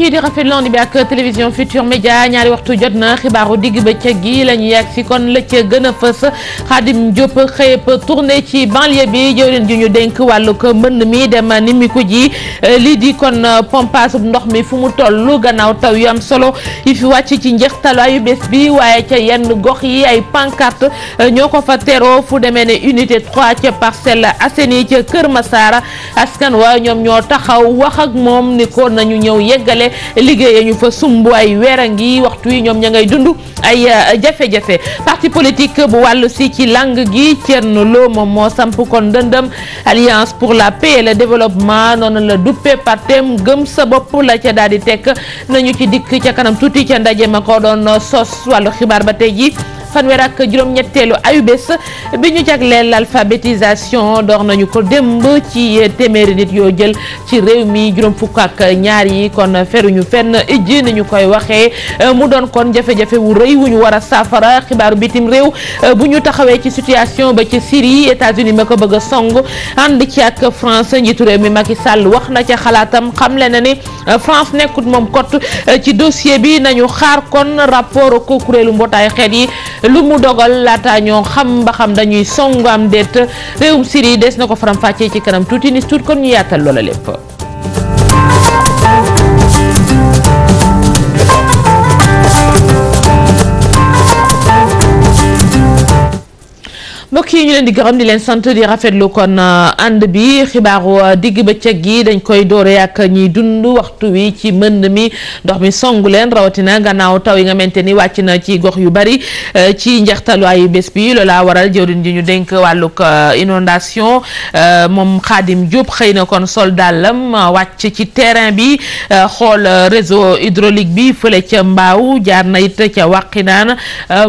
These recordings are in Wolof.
mbokk yi di rafetlu woon bi ak télévision Futur Média ñaari waxtu jot na xibaaru digg bëccëg gi la ñu yegg si kon la ca gën a fës Khadim Diop xëyëb tournée ci banlieue bi jëwriñ ji ñu dénk wàllu ko mbënn mi dem nimiku ji euh, lii di kon euh, pompage ndox mi fu mu toll gannaaw taw yu am solo yi fi wàcc ci njeextalu ayu bés bi waaye ca yenn gox yi ay pancarte euh, ñoo ko fa teroo fu demee ne unité 3 ca Parcelles Assainies ca Kër Massara askan wa ñoom ñoo taxaw wax ak moom ni ko nañu ñëw yeggale liggéeyee ñu fa sumb ay weer a ngi waxtu yi ñoom ña ngay dund ay euh, jafe-jafe parti politique bu wàllu si ci lang gi Thierno Lo moom moo samp kon dëndëm alliance pour la paix et le développement noonu la duppe partem gëm sa bopp la ca daal di tekk nañu ci dikk ca kanam tuuti ca ndaje ma ko doon sos wàllu xibaar ba tey ji fanweer ak juróom-ñetteelu ayubés bi ñu jagleel alphabétisation door nañu ko démb ci téeméeri nit yoo jël ci réew mi juróom fukk ak ñaar yi kon feru ñu fenn ijji ni ñu koy waxee mu doon kon jafe-jafe wu rëy wu ñu war a saafara xibaaru bitim réew bu ñu taxawee ci situation ba ci Syrie États-Unis ma ko bëgg a song ànd ci ak France njiitu réew mi Macky sàll wax na ca xalaatam xam xamle na ni France nekkut moom kott ci dossier bi nañu xaar kon rapport ko kuréelu mbootaayu xeet yi lu mu dogal laata ñoo xam ba xam dañuy songu am déet réewum Syrie des na ko faram-fàccee ci kanam tuuti ni tuut kon ñu yaatal loola lépp. mbokk yi ñu leen di gërëm di leen sant di rafetlu kon euh, ànd bi xibaaru euh, digg bëccëg gi dañ koy doore ak ñi dund waxtu wi ci mënd mi ndox mi songu leen rawatina gannaaw taw yi nga mente ni wàcc na ci gox yu bari euh, ci njeextalu ay bés bi loola waral jëwriñ ji ñu dénk wàllug inondation moom Khadim Diop xëy na kon sol dàllam wàcc ci terrain bi xool réseau hydraulique bi fële ca Mbaaw jaar na it ca Wàqinaan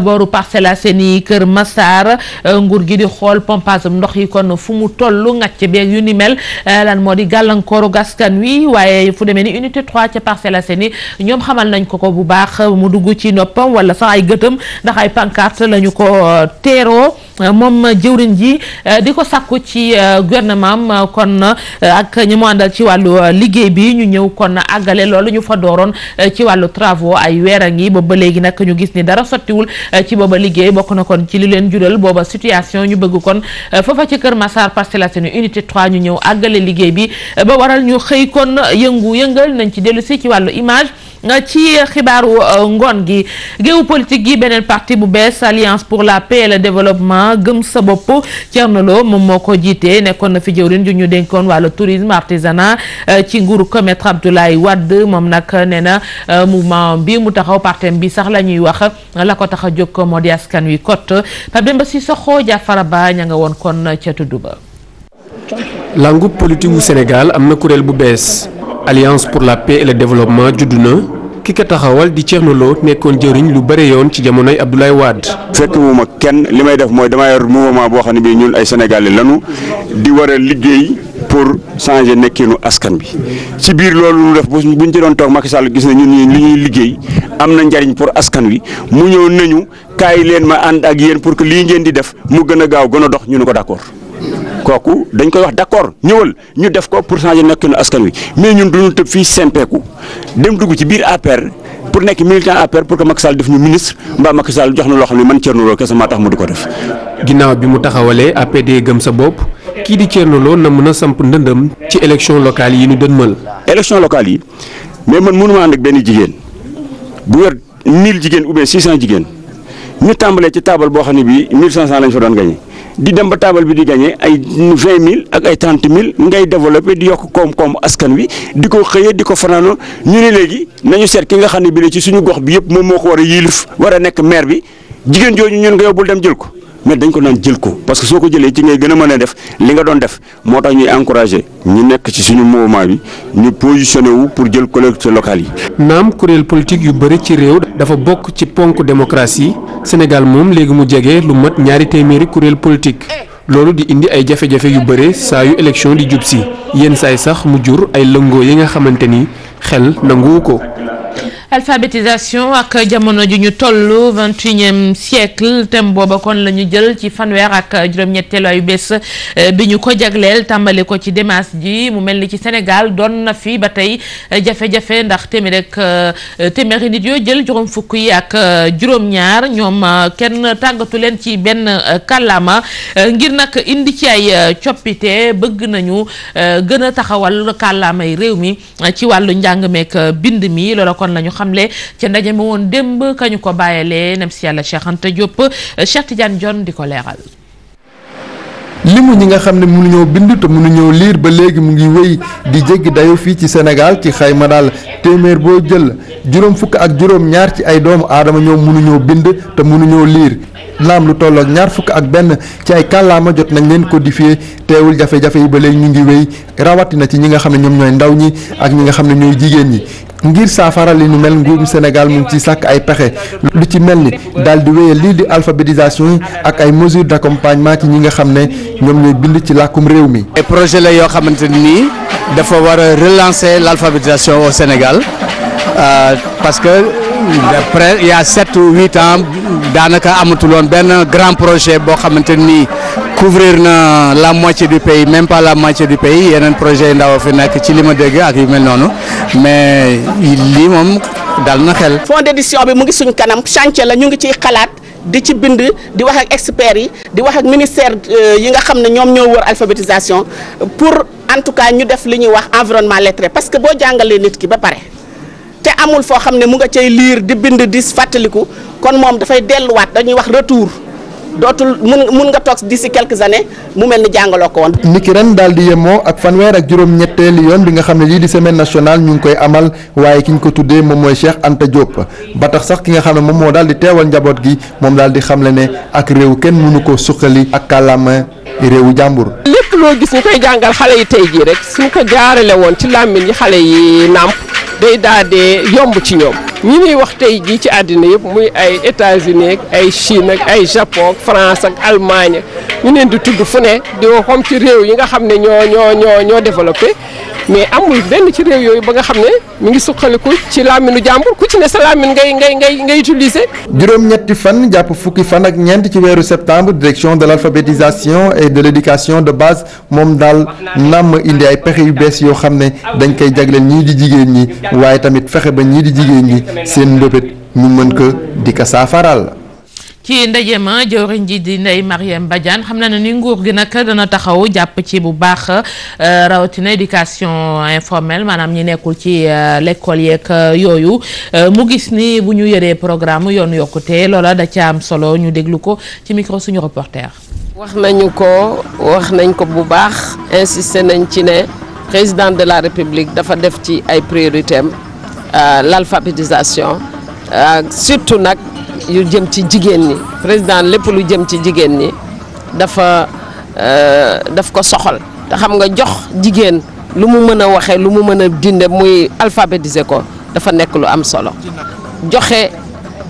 boru Parcelles Assainies Kër Massar Nguur nguur gi di xool pompage ndox yi kon fu mu toll ngàcc beeg yu ni mel eh, lan moo di gàllankooru gaskan wi waaye fu demee ni unité 3 ca Parcelles ni ñoom xamal nañ ko ko bu baax mu dugg ci noppam wala sax ay gëtam ndax ay pancarte lañu ko eh, teeroo Euh, moom jëwriñ ji euh, di ko sàkku ci euh, gouvernement am kon ak ñi mu àndal ci wàllu liggéey bi ñu ñëw kon àggale loolu ñu fa dooroon ci wàllu travaux ay weer a ngi booba léegi nag ñu gis ni dara sottiwul ci booba liggéey bokk na kon ci li leen jural booba situation ñu bëgg kon foofa ci Kër Massar Parcelles Assainies unité 3 ñu ñëw àggale liggéey bi ba waral ñu xëy kon yëngu yëngal nañ ci dellu si ci wàllu image ci xibaaru euh, ngoon gi géopolitique gi beneen parti bu bees alliance pour la paix la développement gëm sa bopp Thierno Lo moom moo ko jiitee nekkoon na fi jëwriñ ju ñu dénkoon wala tourisme artisana euh, ci nguuru ko maître Abdoulaye Wade moom nag nee na euh, mouvement bi mu taxaw partem bi sax la ñuy wax la ko tax a jóg moo di askan wi kot Pape Demba Cissokho Diafara Ba a nga woon kon ca tudd ba langue politique Sénégal am na kuréel bu bees alliance pour la paix et le développement judd na ki ko taxawal di Thierno Lo nekkoon jëriñ lu bëri yoon ci jamonoy Abdoulaye Wade. fekk mu ma kenn li may def mooy damaa yor mouvement boo xam ne bii ñun ay sénégalais lanu di war a liggéey pour changer nekkinu askan bi ci biir loolu lu def bu ñu ci doon toog Macky Sall gis na ñun li ñuy liggéey am na njariñ pour askan wi mu ñëw nañu kaay leen ma ànd ak yéen pour que lii ngeen di def mu gën a gaaw gën a dox ñu ko d'accord. kooku dañ koy wax d'accord ñëwal ñu def ko pour changer nekkinu askan wi mais ñun du duñu tëb fii sempeeku dem dugg ci biir APR pour nekk militant APR pour que Macky Sall def ñu ministre mbaa Macky Sall jox na loo xam ne man Thierno Lo kese maa tax mu di ko def. ginnaaw bi mu taxawalee APD gëm sa bopp kii di Thierno Lo na mën a samp ndëndëm ci élection locale yi nu ñu dënmal. élection locale yi mais man mënuma ànd ak benn jigéen bu yor 1000 jigéen ou bien 600 jigéen ñu tàmbalee ci taabal boo xam ne bii 1500 lañ fa doon gagné. di dem ba taabal bi di gañee ay vingt mille ak ay trente mille ngay développé di yokk koom-koom askan wi di ko xëyee di ko fanaanoo ñu ne léegi nañu seet ki nga xam ne bi la ci suñu gox bi yëpp moom moo ko war a yilif war nekk maire bi jigéen jooju ñun nga yóbbul dem jël ko. mais dañ ko naan jël ko parce que soo ko jëlee ci ngay gën a mën def li nga doon def moo tax ñuy encouragé ñu nekk ci suñu mouvement bi ñu positionné wu pour jël collectivités locales yi. naam kuréel politique yu bëri ci réew dafa bokk ci ponk démocratie Sénégal moom léegi mu jege lu mat ñaari téeméeri kuréel politique loolu di indi ay jafe-jafe yu bëre saa yu élection di jub si yenn saay sax mu jur ay lëngoo yi nga xamante ni xel nanguwu ko. alphabétisation ak jamono ju ñu toll vingt unième siècle thème booba kon la ñu jël ci fanweer ak juróom-ñetteelu ay bés euh, bi ñu ko jagleel tàmbali ko ci démas ji mu mel ni ci Sénégal doon na fi ba tey euh, jafe-jafe ndax téeméer rek euh, téeméeri nit yoo jël juróom fukk yi ak juróom-ñaar ñoom kenn tàggatu leen ci benn kàllaama ngir nag indi ci ay coppite bëgg nañu gën a taxawal kàllaamay réew mi ci wàllu njàng meek bind mi loola kon lañu xamle ca ndaje ma woon démb kañu ko bàyyalee nem si yàlla Cheikh Anta Diop eh, Cheikh Tidiane Dione di ko limu ñi nga xam ne mënuñoo bind te mënuñoo liir ba léegi mu ngi wéy di jéggi dayo fii ci Sénégal ci xayma daal téeméer boo jël juróom fukk ak juróom ñaar ci ay doomu aadama ñoom mënuñoo bind te mënuñoo liir naam lu tolloog ñaar fukk ak benn ci ay kàllaama jot nañ leen codifié teewul jafe-jafe yi ba léegi ñu ngi wéy rawatina ci ñi nga xam ne ñoom ñooy ndaw ñi ak ñi nga xam ne ñooy jigéen ñi ngir saafara li ni mel nguurum Sénégal mu ngi ci sàkk ay pexe lu ci mel ni daal di wéyal lii di alphabétisation yi ak ay mesures d'accompagnement ci ñi nga xam ne ñoom ñooy bind ci làkkum réew mi. ay projet la yoo xamante nii dafa war a relancer l'alphabétisation au Sénégal euh, parce que d'après il y a sept ou huit ans daanaka amatuloon benn grand projet boo xamante nii couvrir na la moitié du pays même pas la moitié du pays yeneen projet yi ndaw fi nekk ci li ma dégg ak yu mel noonu mais lii moom dal na xel. fond d'édition bi mu ngi suñ kanam chantier la ñu ngi ciy xalaat di ci bind di wax ak experts yi di wax ak ministère euh, yi nga xam ne ñoom ñoo wër alphabétisation pour en tout cas ñu def li ñuy wax environnement lettré parce que boo jàngalee nit ki ba pare. te amul foo xam ne mu nga cay liir di bind di fàttaliku kon moom dafay delluwaat dañuy wax retour. dootul mun mun nga toog d'ici quelques années mu mel ni jàngaloo ko woon. niki ren daal di yemoo ak fanweer ak juróom-ñetteeli yoon bi nga xam ne lii di semaine nationale ñu ngi koy amal waaye ki ñu ko tuddee moom mooy Cheikh Anta Diop ba tax sax ki nga xam ne moom moo daal di teewal njaboot gi moom daal di xamle ne ak réew kenn mënu ko suqali ak kàllaama réewu jàmbur. lépp loo gis ñu koy jàngal xale yi tey jii rek suñ ko jaarale woon ci làmmiñ yi xale yi nàmp day daadee yomb ci ñoom ñi ñuy wax tey jii ci àddina yëpp muy ay États-Unis ay Chine ay Japon ak France ak Allemagne ñu leen di tudd fu ne di xam ci réew yi nga xam ne ñoo ñoo ñoo ñoo développé. mais amul benn ci réew yooyu ba nga xam ne mu ngi suqaliku ci làmminu jàmbur ku ci ne sa làmmin ngay ngay ngay ngay utiliser. juróom-ñetti fan jàpp fukki fan ak ñeent ci weeru septembre direction de l' alphabétisation et de l' de base moom daal namm indi ay pexe yu bees yoo xam ne dañ koy jagleel ñii di jigéen ñi waaye tamit fexe ba ñii di jigéen ñi seen mbëbët ñu mën ko di ko la ci ndaje ma jëwriñ ji di Ndeye Marième Badiane xam na ne ni nguur gi nag dana taxaw jàpp ci bu baax euh, rawatina éducation informelle maanaam ñi nekkul ci euh, l'école yeeg euh, yooyu mu gis ni bu ñu yoree programme yoon yokkute loola da ca am solo ñu déglu ko ci micro suñu reporter. wax nañu ko wax nañ ko bu baax insisté nañ ci ne président de la république dafa def ci ay priorité am l'alphabétisation surtout nag. yu jëm ci jigéen ñi président lépp lu jëm ci jigéen ñi dafa euh, daf ko soxal te xam nga jox jigéen lu mu mën a waxee lu mu mën a dinde muy alphabétiser ko dafa nekk lu am solo joxe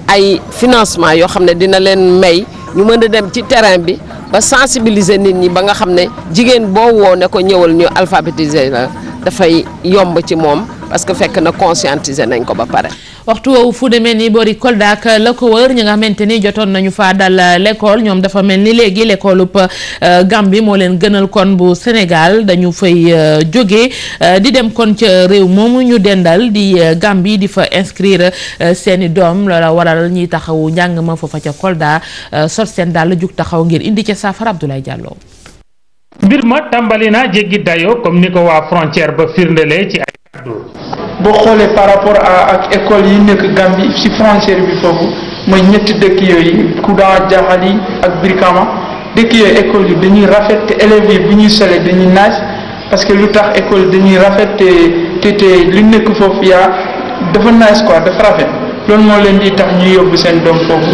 ay financement yoo xam ne dina leen may ñu mën a dem ci terrain bi ba sensibiliser nit ñi ba nga xam ne jigéen boo woo ko ñëwal ñu alphabétiser la dafay yomb ci moom parce que fekk na conscientiser nañ ko ba pare waxtu woowu fu demee ni boori Kolda ak la ko wër ñi nga xamante ni jotoon nañu faa dal euh, lekkool ñoom dafa mel ni léegi l'école ub euh, Gambie moo leen gënal kon bu Sénégal dañu fay euh, jógee di dem kon ca réew moomu ñu dendal di Gambie di fa inscrire seeni doom loola waral ñiy taxawu njàng ma foofa ca Kolda sot seen dàll jug taxaw ngir indi ca saafara Abdoulaye Diallo. mbir ma tàmbali naa jéggi dayoo comme ni ko waa frontière ba firndele ci ay kàddu boo xoolee par rapport à ak école yi nekk Gambie ci frontière bi foofu mooy ñetti dëkk yooyu Kudan Jaxali ak Brikama dëkk yooyu yi dañuy rafet te élèves yi bu ñuy solee dañuy naaj parce que lu tax école dañuy rafet te te te li nekk foofu yaa dafa naaj quoi dafa rafet loolu moo leen di tax ñu yóbbu seen doom foofu.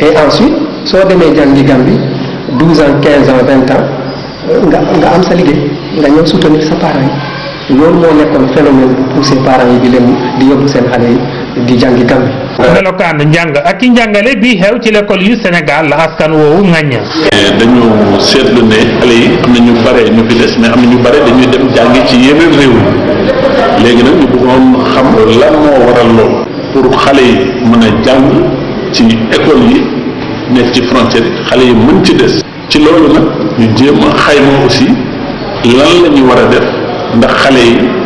et ensuite soo demee jàngi Gambie 12 ans quinze ans 20 ans nga nga am sa liggéey nga ñëw soutenir sa parents yi. loolu moo nekkoon phénomène bu poussé parents yi di leen di yóbbu seen xale yi di jàngi Gambie. melokaan njàng ak i njàngale bii xew ci l'école yu senegal la askan woowu ŋañña. Eh, dañu seetlu ne xale yi am na ñu bare ñu fi des mais am na ñu bare dañuy dem jàngi ci yeneen réew yi léegi nag ñu bëggoon xam lan moo waral loolu pour xale yi mën a jàng ci école yi nekk ci frontière yi xale yi mën ci des. ci loolu nag ñu jéem a xayma aussi lan la ñu war a def. ndax xale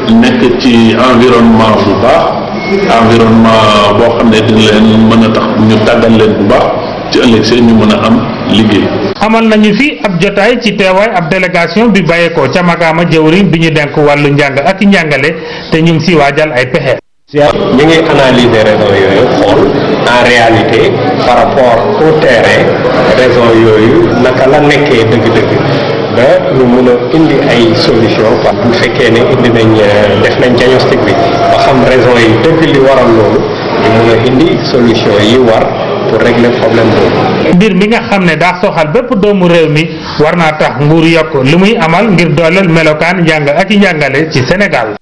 yi nekk ci environnement bu baax environnement boo xam ne dina leen mën a tax ñu tàggal leen bu baax ci ëllëg seen ñu mën a am liggéey. amal nañu fi ab jotaay ci teewaay ab délégation bi bàyyeekoo ca makaama jëwriñ bi ñu denk wàllu njàng ak njàngale te ñu ngi si waajal ay pexe. ñu ngi analyser raison yooyu xool en réalité par rapport au yooyu naka la nekkee dëgg-dëgg. ba ñu indi ay solution quoi bu fekkee ne indi nañ euh, def nañ diagnostic bi ba xam raison yi dëgg li waral loolu ñu mun indi solution yi war pour régler problème boobu. mbir mi nga xam ne daa soxal bépp doomu réew mi war naa tax nguur yokk li muy amal ngir dooleel melokaan njàng ak i njàngale ci Sénégal.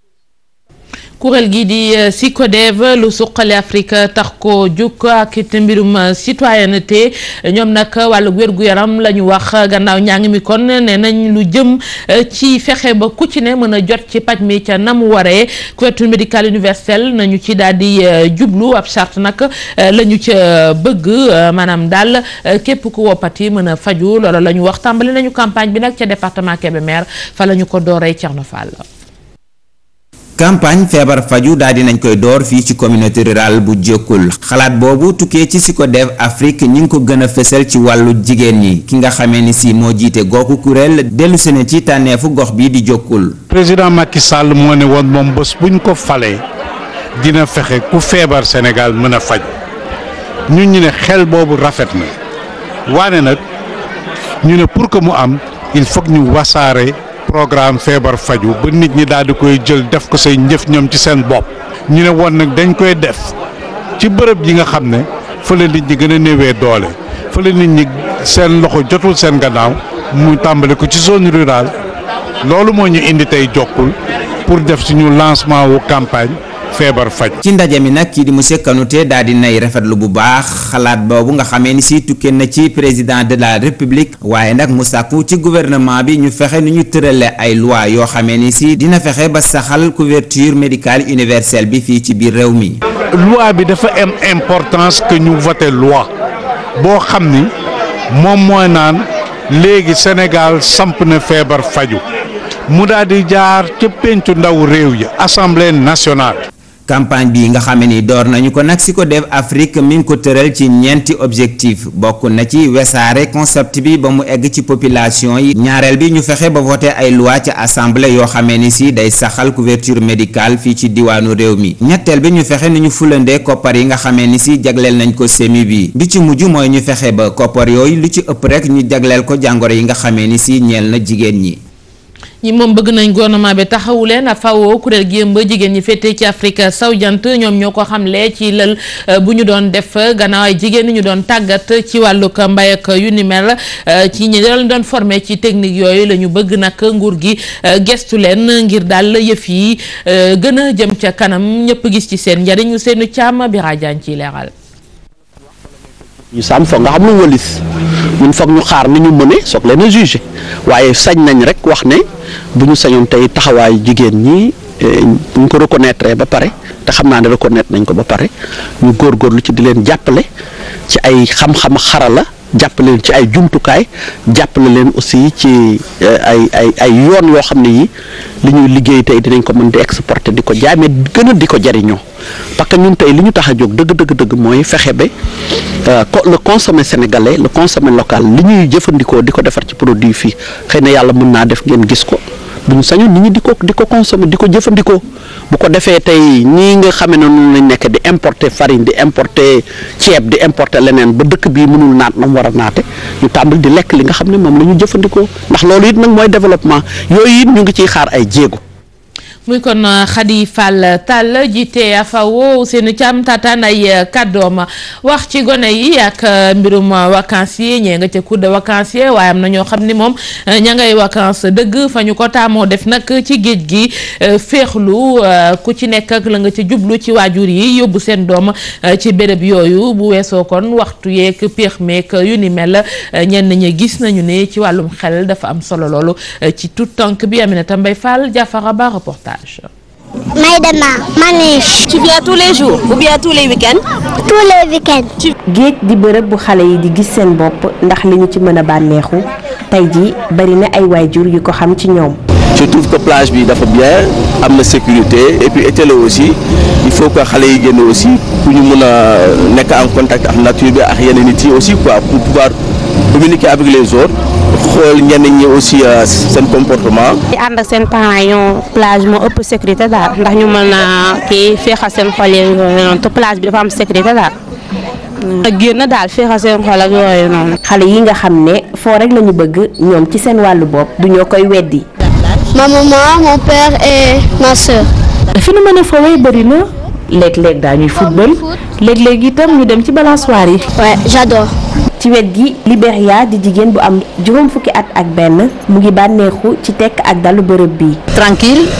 kuréel gi di eh, SYCODEV lu suqali Afrique tax ko jukk ak it mbirum eh, citoyenneté ñoom nag wàllu wér-gu-yaram la ñu wax gannaaw ñaa ngi mi kon nee nañ lu jëm eh, ci fexe ba ku ci ne mën a jot ci paj mi ca namu waree couverture médicale universelle nañu ci daal di jublu ab charte nag lañu ñu ca bëgg maanaam daal képp ku woppati mën a faju loolu la ñu wax tàmbali nañu campagne bi nag ca département Kébémer fa la ñu ko dooree Thierno Fall campagne feebar faju daal dinañ koy door fii ci communauté rural bu Jokkul xalaat boobu tukkee ci Sikodev Afrique ñi ngi ko gën a fësal ci wàllu jigéen ñi ki nga xamee ni si moo jiite googu kuréel dellu sene ci tànneefu gox bi di Jokkul. président Macky Sall moo ne woon moom bés bu ñu ko falee dina fexe ku feebar Sénégal mën a faj ñu ñu ne xel boobu rafet na waane nag ñu ne pour que mu am il faut ñu wasaare. programme feebar faju ba nit ñi daal di koy jël def ko say njëf ñoom ci seen bopp ñu ne woon nag dañ koy def ci bërëb yi nga xam ne fële nit ñi gën a néewee doole fële nit ñi seen loxo jotul seen gannaaw mu tàmbali ko ci zone rurale loolu moo ñu indi tey jokkul pour def suñu lancement wu campagne. feebar faj. ci ndaje mi nag kii di monsieur Kanouté daal di nay rafetlu bu baax xalaat boobu nga xamee ni si tukkee na ci président de la république waaye nag mu sàkku ci gouvernement bi ñu fexe ni ñu tërale ay loi yoo xamee ni sii dina fexe ba saxal couverture médical universelle bi fii ci biir réew mi. loi bi dafa am importance que ñu voté loi boo xam ni moom mooy naan léegi Sénégal samp na feebar faju mu daal di jaar ca pencu ndaw réew yi assemblée nationale. campagne bi nga xam ni door nañu ko nag si ko def Afrique mi ko tëral ci ñeenti objectif bokk na ci wesaare concept bi ba mu egg ci population yi ñaareel bi ñu fexe ba voté ay loi ci assemblée yoo xamee ni sii day saxal couverture médical fii ci diwaanu réew mi ñetteel bi ñu fexe ni ñu fulandee koppar yi nga xamee ni si jagleel nañ ko semi bi bi ci mujj mooy ñu fexe ba koppar yooyu lu ci ëpp rek ñu jagleel ko jàngoro yi nga xamee ni si ñeel na jigéen ñi ñi moom bëgg nañ gouvernement bi taxawu leen FAO kuréel gi ëmb jigéen ñi féetee ci Afrique sowu jant ñoom ñoo ko xamle ci lël euh, bu ñu doon def gannaaw ay jigéen ñu doon tàggat ci wàllu mbay ak yu ni mel euh, ci ñi doon formé ci technique yooyu la ñu bëgg nag nguur gi euh, gestu leen ngir daal yëf yi gën a jëm ca kanam ñëpp gis ci seen njariñ ñu seenu càmm bi raajaan ci leeral. ñu sàmm foog nga xam lu wëlis ñun foog ñu xaar ni ñu mëne soog leen a jugé waaye sañ nañ rek wax ne bu ñu sañoon tey taxawaayu jigéen ñi eh, bu ñu ko reconnaître ba pare te xam naa ne reconnaître nañ ko ba pare ñu lu ci di leen jàppale ci ay xam-xam xarala. jàpp leen ci ay jumtukaay jàpp jàppale leen aussi ci euh, ay ay ay yoon yoo xam ne yi li ñuy liggéey tey dinañ ko mën di exporter di ko jaamee mais gën di ko jariñoo parce que ñun tey li ñu tax a jóg dëgg dëgg dëgg mooy fexe ba euh, le consommé sénégalais le consommé local li ñuy jëfandikoo di ko defar ci produit fii xëy na yàlla mun naa def ngeen gis ko. bu ñu sañoon nit ñi di ko di ko consommer di ko jëfandikoo bu ko defee tey ñii nga xamee ne noonu lañ nekk di importer farine di importer ceeb di importe leneen ba dëkk bii mënul naat na war a naate ñu tàmbali di lekk li nga xam ne moom la ñu jëfandikoo ndax loolu it nag mooy développement yooyu it ñu ngi ciy xaar ay jéego. muy kon euh, Khady Fall Tall jiite AFAO Ousseynou Thiam taataan ay euh, kàddoom wax ci gone yi ak euh, mbirum vacances yi ñee nga ca cours de vacances yi waaye am na ñoo xam ni moom ña ngay vacances dëgg fa ñu ko def nag ci géej gi féexlu ku ci nekk la nga ca jublu ci waajur yi yóbbu seen doom ci béréb yooyu bu weesoo kon waxtu yeeg péex meeg yu ni mel ñenn ñi gis nañu ni ci wàllum xel dafa am solo loolu ci tout tànk bi Aminata Mbaye Fall Diafara Ba reportage village Maïdema, Manèche. Tu viens tous les jours ou bien tous les week tous les week géej di bërëb bu xale yi di gis seen bopp ndax li ñu ci mën a bànneexu tey ji bari na ay waajur yu ko xam ci ñoom. je trouve que plage bi dafa bien am na sécurité et puis été il faut que xale yi génn aussi pour ñu mën a nekk en contact am nature bi ak yeneen nit yi aussi quoi pour pouvoir communiquer avec les autres. xool ñenn ñi aussi euh, seen comportement. di ànd ak seen parents yi ñoo daal ndax ñu mën a kii féexal seen xol yi noonu te plage bi dafa am sécurité daal. Mm. xale yi nga xam ne foo rek la ñu bëgg ñoom ci seen wàllu bopp du ñoo koy weddi. ma maman mon père et ma soeur. fi a foowee bëri na léeg-léeg daañuy dem ci balançoire yi. waaw j'adore. ci wet gi Liberia di jigéen bu am juróom fukki at ak benn mu ngi bànneexu ci tekk ak dalu bërëb bi tranquille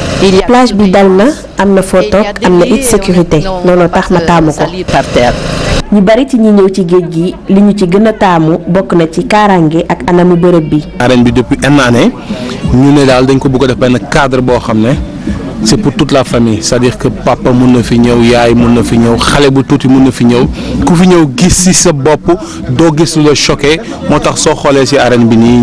plage bi dal na am na foo am na it sécurité looloo tax ma taamu ko ñu bari ci ñi ñëw ci géej gi li ñu ci gën a taamu bokk na ci kaaraange ak anamu bërëb bi arène bi depuis un année ñu ne daal dañ ko bëgg def benn cadre boo xam ne c'est pour toute la famille c'est-à-dire que papa mun na fi ñëw yaay mun na fi ñëw xale bu tuuti mun na fi ñëw ku fi ñëw gis ci sa bopp doo gis lu la choqué moo tax soo xoolee si arène bi nii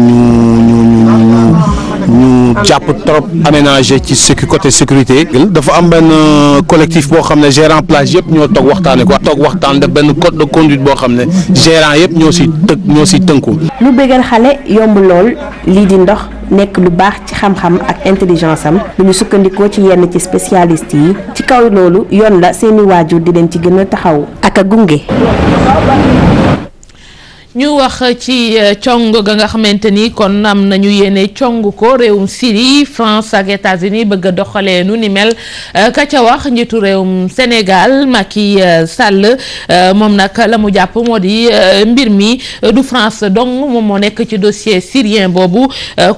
ñu jàpp trop aménagé ci sécu côté sécurité. dafa am benn euh, collectif boo xam ne gérant plage yëpp ñoo toog waxtaanee ko toog waxtaan def benn code de conduite boo xam ne gérant yëpp ñoo si tënk ñoo ci tënku. lu bëggal xale yomb lool lii di ndox. nekk lu baax ci xam-xam ak intelligence am bu ñu sukkandikoo ci yenn ci spécialiste yi ci kaw loolu yoon la seeni waajur di leen ci gën a taxaw ak a gunge ñu wax ci euh, cong ga nga xamante ni kon am nañu yéene cong ko réewum Syrie France ak États-Unis bëgg a doxalee nu ni mel euh, ka ca wax njiitu réewum Sénégal Macky euh, Sall moom nag la mu jàpp moo di mbir mi du France dong moom moo nekk ci dossier syrien boobu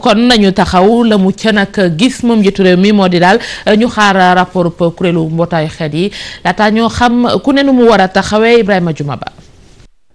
kon nañu taxaw la mu ca nag gis moom njiitu réew mi moo di daal ñu xaar rapport kuréelu mbootaayu xeet yi laata ñoo xam ku ne nu mu war a taxawee Ibrahima Juma Ba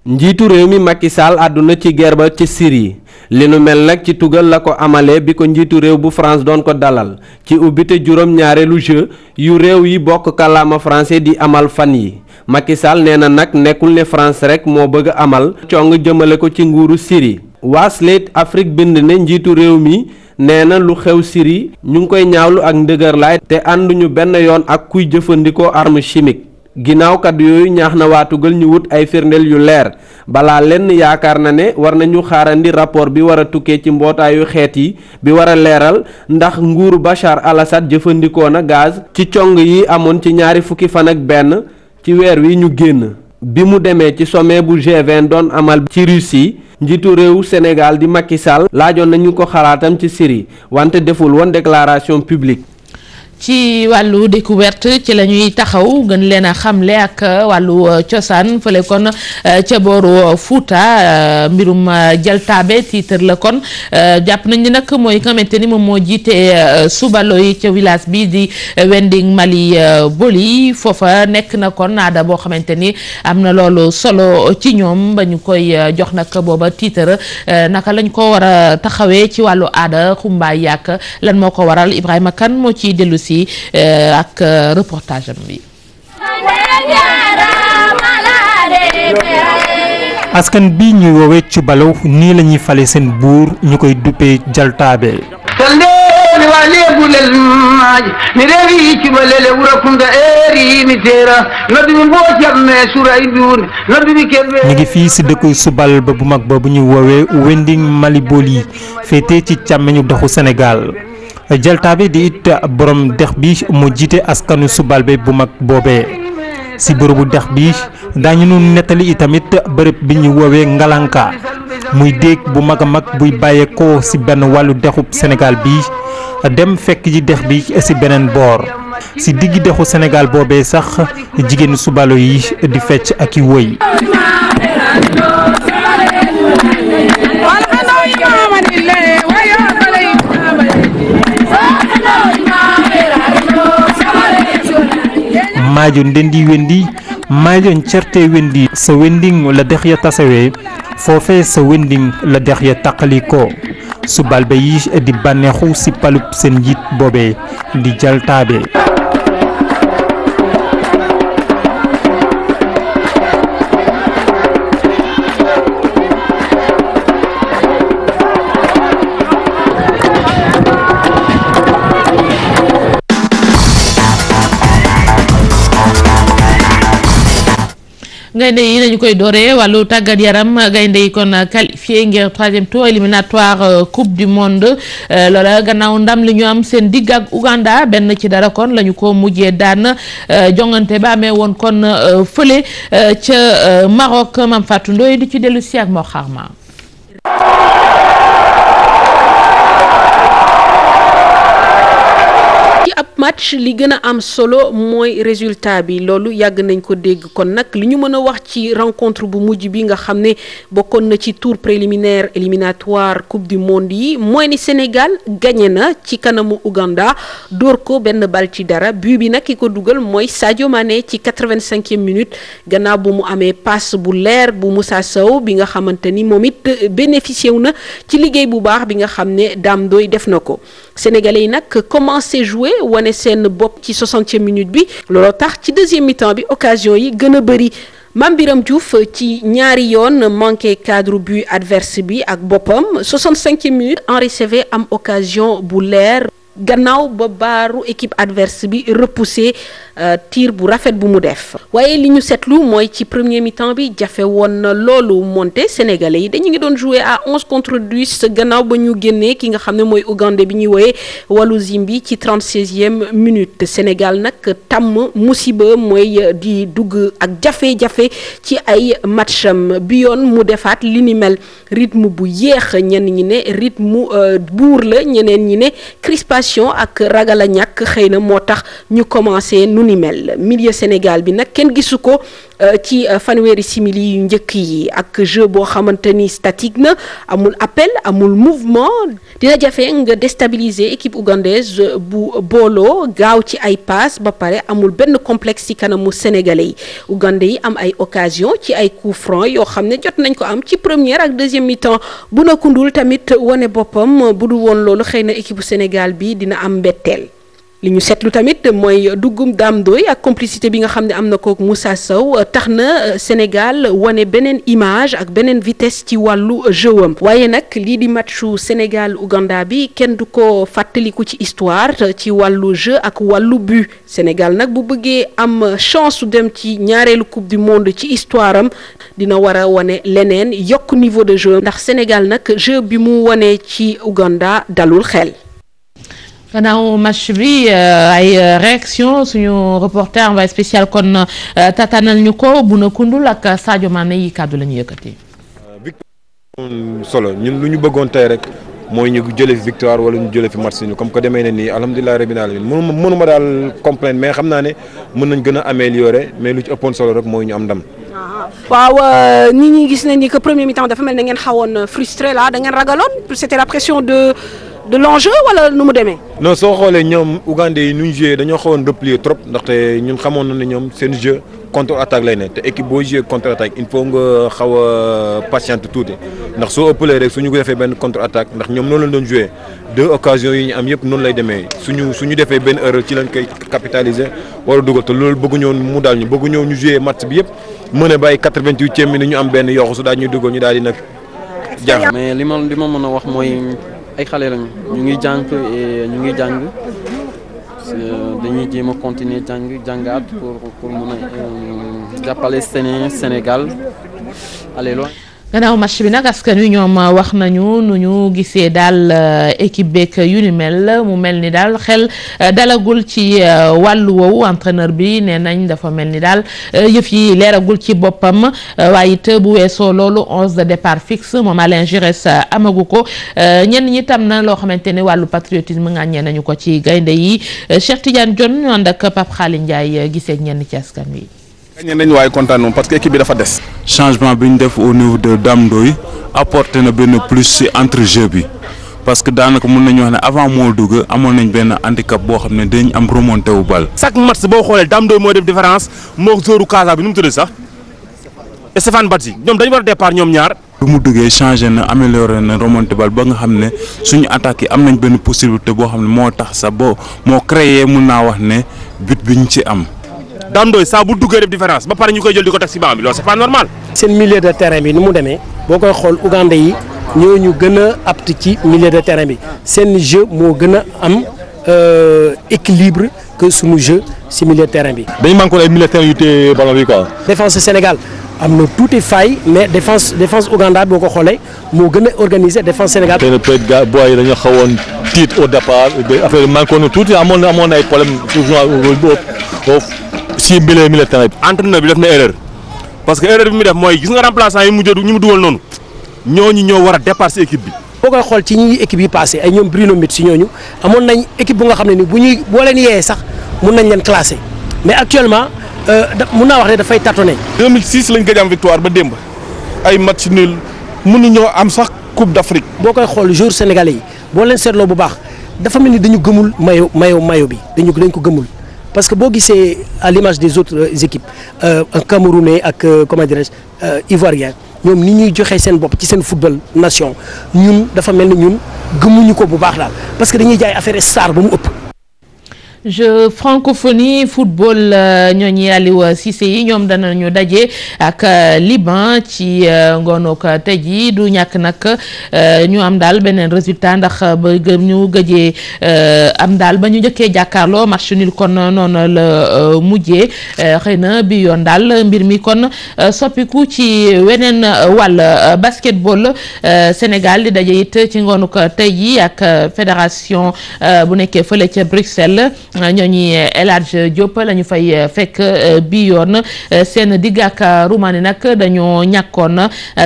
njiitu réew mi Macky Sall àdduna ci guerre ci Syrie li nu mel nag ci tugal la ko amalee bi ko njiitu réew bu France doon ko dalal ci ubbite juróom-ñaareelu jeu yu réew yi bokk kàllaama français di amal fan yi Macky Sall nee na nag nekkul ne France rek moo bëgg amal cong jëmale ko ci nguuru siri waa Slate Afrique bind ne njiitu réew mi nee na lu xew Syrie ñu ngi koy ñaawlu ak ndëgërlaay te ànduñu benn yoon ak kuy jëfandikoo arme chimique ginnaaw kàddu yooyu ñaax na waa Tugal ñu wut ay firndeel yu leer balaa lenn yaakaar na ne war nañu xaarandi rapport bi war a tukkee ci mbootaayu xeet yi bi war a leeral ndax nguuru Bachar al-Assad jëfandikoo na gaz ci cong yi amoon ci ñaari fukki fan ak benn ci weer wi ñu génn bi mu demee ci sommet bu G20 doon amal ci Russie njiitu réew Sénégal di Macky Sall laajoon nañu ko xalaatam ci Syrie wante deful woon déclaration publique ci wàllu découverte ci la ñuy taxaw gën leen a xamle ak euh, wàllu euh, cosaan fële kon euh, ca booru Fuuta mbirum jaltaabe titre la kon jàpp nañ ni nag mooy xamante ni moom moo jiite subalo yi ca village bi di Wending Mali Boli foofa nekk na kon aada boo xamante ni am na loolu solo ci ñoom ba ñu koy jox nag booba titre naka lañ ko war a taxawee ci wàllu aada xumbaay yàq lan moo ko waral Ibrahima Kane moo ciy dellu si euh, ak euh, reportage bi askan bi ñuy woowee ci balaw nii la ñuy fale seen buur ñu koy duppee jaltaabe mi waalebulel maaji mi rewi cubalele wuro kunda eeri mi teera noddumi mboojamme sura e duuni noddumi kelbe ñu ngi fii si dëkk subal ba bu mag ba bu ñu woowee Wending Maliboli féetee ci càmmeñu doxu senegal jaltaabe di it boroom dex bi mu jiite askanu subalbe bu mag boobee ci bërëbu dex bi dañu nu nettali itamit bërëb bi ñu woowee ngalanka muy déeg bu mag a mag buy bàyyeekoo ci benn wàllu dexu Sénégal bi dem fekk ji dex bi ci beneen boor ci digg dexu senegal boobe sax jigéenu subalo yi di fecc ak i woy maajo ndendi wendi maajon certe wendi so wendin la dehya tasawe foofe so wendin la dehya taqaliko subalɓe yi di banneexu si palub seen njiit boobee di jaltaabe gaynde yi dañu koy dooree wàllu tàggat yaram gaynde yi kon qualifié ngir troisième tour éliminatoire euh, coupe du monde euh, loola gannaaw ndam li ñu am seen digg ak uganda benn ci dara kon lañu ko mujjee daan euh, jongante ba amee woon kon fële ca Maroc Mame Fatou ndooy di ci dellu si ak moo xarma match li gën a am solo mooy résultat bi loolu yàgg nañ ko dégg kon nag li ñu mën a wax ci rencontre bu mujj bi nga xam ne bokkon na ci tour préliminaire éliminatoire coupe du monde yi mooy ni Sénégal gagné na ci kanamu uganda dóor ko benn bal ci dara but bi nag ki ko dugal mooy Sadio Mané ci quatre-vingt-cinquième minute gannaaw bu mu amee passe bu leer bu Moussa Sow bi nga xamante ni moom it bénéficié wu na ci liggéey bu baax bi nga xam ne daam Ndoye def na ko. sénégalais yi nag commencé jouer wane seen bopp ci soixantième minute bi looloo tax ci deuxième mi bi occasion yi gën a bëri Mame Biram Diouf ci ñaari yoon manqué cadre bu adverse bi ak boppam soixante-cinquième minute Henri Saivet am occasion bu leer gannaaw ba baaru équipe adverse bi repoussé euh, tiir bu rafet bu mu def waaye li ñu seetlu mooy ci premier mi bi jafe woon na loolu monté sénégalais yi dañu ngi doon jouer à onze contre dix gannaaw ba ñu génnee ki nga xam ne mooy Ougandais bi ñuy wooyee Walozimbi ci trente-seizième minute Sénégal nag tàmm musiba mooy di dugg ak jafe-jafe ci ay matcham bi yoon mu defaat li ni mel rythme bu yéex ñenn ñi ne rythme euh, buur la ñeneen ñi ne crispation frustration ak ragal a ñàkk xëy na moo tax ñu commencé nu ni mel milieu Sénégal bi nag kenn gisu ko Euh, ci euh, fanweeri simili yu njëkk yi ak jeu boo xamante ni statique na amul appel amul mouvement dina jafe nga déstabiliser équipe ougandaise bu booloo gaaw ci ay passe ba pare amul benn complexe ci kanamu sénégalais yi ougandais yi am ay occasion ci ay coup franc yoo xam ne jot nañ ko am ci première ak deuxième mi-temps bu na kundul tamit wane boppam bu du woon loolu xëy na équipe bu Sénégal bi dina am mbetteel li ñu seetlu tamit mooy duggum Dame Doye ak complicité bi nga xam ne am na kook Moussa Sow euh, tax na euh, Sénégal wane beneen image ak beneen vitesse ci wàllu jëwam waaye nag lii di matchu Sénégal Ouganda bi kenn du ko fàttaliku ci histoire euh, ci wàllu jeu ak wàllu but Sénégal nag bu bëggee am chance su dem ci ñaareelu coupe du monde ci histoire am dina war a wane leneen yokk niveau de jeu ndax Sénégal nag jeu bi mu wane ci Ouganda dalul xel. gannaaw match bi euh, ay euh, réaction suñu reporter envoyé spécial kon euh, tatanal ñu ko Bouna Koundoul ak Sadio na yi kàddu la ñu yëkkati. victoire solo ñun lu ñu bëggoon tey rek mooy ñu jëlee fi victoire wala ñu jëlee fi match ñu comme que demee na nii alhamdulilah rabbil alamin mënuma mënuma daal complaindre mais xam naa ne mën nañ gën a mais lu ci ëppoon solo rek mooy ñu am ndam. Ah, waaw nit ñi gis nañ ni que premier mi-temps dafa mel na xawoon frustré da ngeen ragaloon c'était la pression de. de l'enjeu wala nu mu demee. non soo xoolee ñoom Ougandais yi nu ñu joué dañoo xawoon replier trop ndaxte ñun xamoon na ne ñoom seen jeu contre attaque lay ne te équipe boo joué contre attaque il faut nga xaw a patiente tuuti ndax soo ëppalee rek suñu ko defee benn contre attaque ndax ñoom noonu lañ doon joué deux occasions yi ñu am yëpp noonu lay demee suñu suñu defee benn erreur ci lañ koy capitaliser war a dugal te loolu bëgguñoon mu daal ñu bëgguñoo ñu joué match bi yëpp mën a bàyyi am benn yooxu su daal ñuy ñu daal di nag. li ma mën a wax mooy ay xale lañu ñu ngi e ñu ngi jàng euh, dañuy jéem a continuer jàng jàngaat pour pour mun a euh, jàppale Sénégal aller loin gannaaw marché bi nag askan wi ñoom ah, wax nañu nu ñu gisee daal ah, équipe beeg yu ni mel mu mel ni daal xel ah, dalagul ci wàllu woowu entraîneur bi nee nañ dafa mel ni daal yëf yi leeragul ci boppam waaye it bu weesoo loolu onze de départ fixe moom Alain Giresse amagu ko ñenn ñi tam na loo xamante ne wàllu patriotisme ngàññee nañu ko ci gaynde yi Cheikh Tidiane Dione ñu ànd ak Pape Xaali Ndiaye gisee ñenn ci askan wi. gagné nañ waaye kontaan moom parce que équipe bi dafa des. changement bi ñu def au niveau de Dame Ndoye apporté na benn plus ci entre jeu bi parce que daanaka mun nañu wax ne avant moo dugg amoon nañ benn handicap boo xam ne dañ am remonté wu bal. chaque match boo xoolee Dame Ndoye moo def différence moo zóoru Casa bi nu mu tudd sax Stéphane Badji ñoom dañu war a départ ñoom ñaar. mu duggee changé na amélioré na remonté bal ba nga xam ne suñu attaques yi am nañ benn possibilité boo xam ne moo tax sax boo moo créé mun naa wax ne but bi ñu ci am. Dame Ndoye saa bu duggee def différence ba pare ñu koy jël di ko teg si banc bi loolu c'est pas normal. seen milieu de terrain bi ni mu demee boo koy xool Ouganda yi ñoo ñu gën a apte ci milieu de terrain bi seen jeu moo gën a am euh, équilibre que suñu jeu si milieu de terrain bi. dañu manqué ay milieu de terrain yu téye ballon bi quoi. défense Sénégal am na tuuti faille mais défense défense Ouganda boo ko xoolee moo gën a organisé défense Sénégal. xëy na peut-être gars booy yi dañoo tiit au na tuuti amoon na amoon ay problèmes souvent au ci milieu milieu terrain bi. entraîneur bi def na erreur parce que erreur bi mu def mooy gis nga remplaçant yi mu jël ñi mu dugal noonu ñooñu ñoo war a départ si équipe bi. boo koy xool ci ñi équipe yi passé ay ñoom Bruno Metsu nañ équipe bu nga xam ne ni bu boo leen yee sax mun nañ leen classé mais actuellement euh, da mun naa wax ne dafay tâtonné. 2006 lañ gëj am victoire ba démb ay match nul mënuñoo am sax coupe d' Afrique. boo koy xool jour sénégalais yi boo leen seetloo bu baax dafa mel ni dañu gëmul mayo mayo mayo bi dañu dañ ko gëmul. parce que boo gisee à des autres euh, équipes euh, un Camerounais ak euh, comment dirais-je euh, Ivoirien ñoom ni ñuy joxe seen bopp ci seen football nation ñun dafa mel ni ñun gëmuñu ko bu baax daal parce que dañuy jaay affaire star ba mu ëpp. jeu francophonie football euh, ñooñu Aliou Cissé yi ñoom danañu daje ak euh, Liban ci euh, ngoonook tey jii du ñàkk nag ñu am daal beneen résultat ndax ba ñu gëjee am daal ba ñu njëkkee jàkkaarloo match nul kon noonu la mujjee xëy na bi yoon daal mbir mi kon soppiku ci weneen wàll basketball Sénégal di daje it ci ngoonook tey jii ak fédération bu nekkee fële ca Bruxelles. ñooñu euh, El Hadj Diop la ñu fay euh, fekk euh, bi yoon seen digg ak nag dañoo ñàkkoon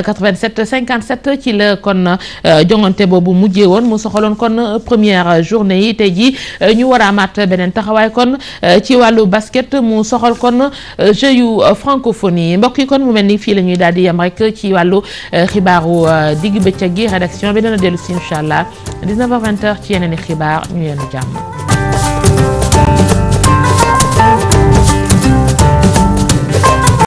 87 57 ci la kon jongante boobu mujjee woon mu soxaloon kon première journée yi tey jii ñu war a amaat beneen taxawaay kon ci wàllu basket mu soxal kon jeu yu francophonie mbokk yi kon mu mel ni fii la ñuy daal di yem rek ci wàllu xibaaru digg bëccëg gi rédaction bi dana dellu si incha allah 19h20 ci yeneen i xibaar ñu yenn jàmm.